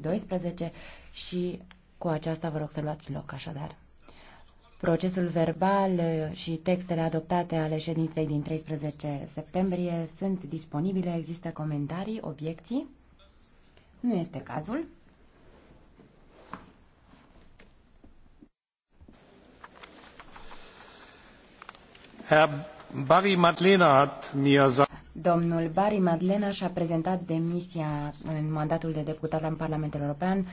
2012 și cu aceasta vă rog să luați loc așadar. Procesul verbal și textele adoptate ale ședinței din 13 septembrie sunt disponibile. Există comentarii, obiecții? Nu este cazul. Herr Barry Madlena hat mir Domnul Barry Madlena și-a prezentat demisia în mandatul de deputat la Parlamentul European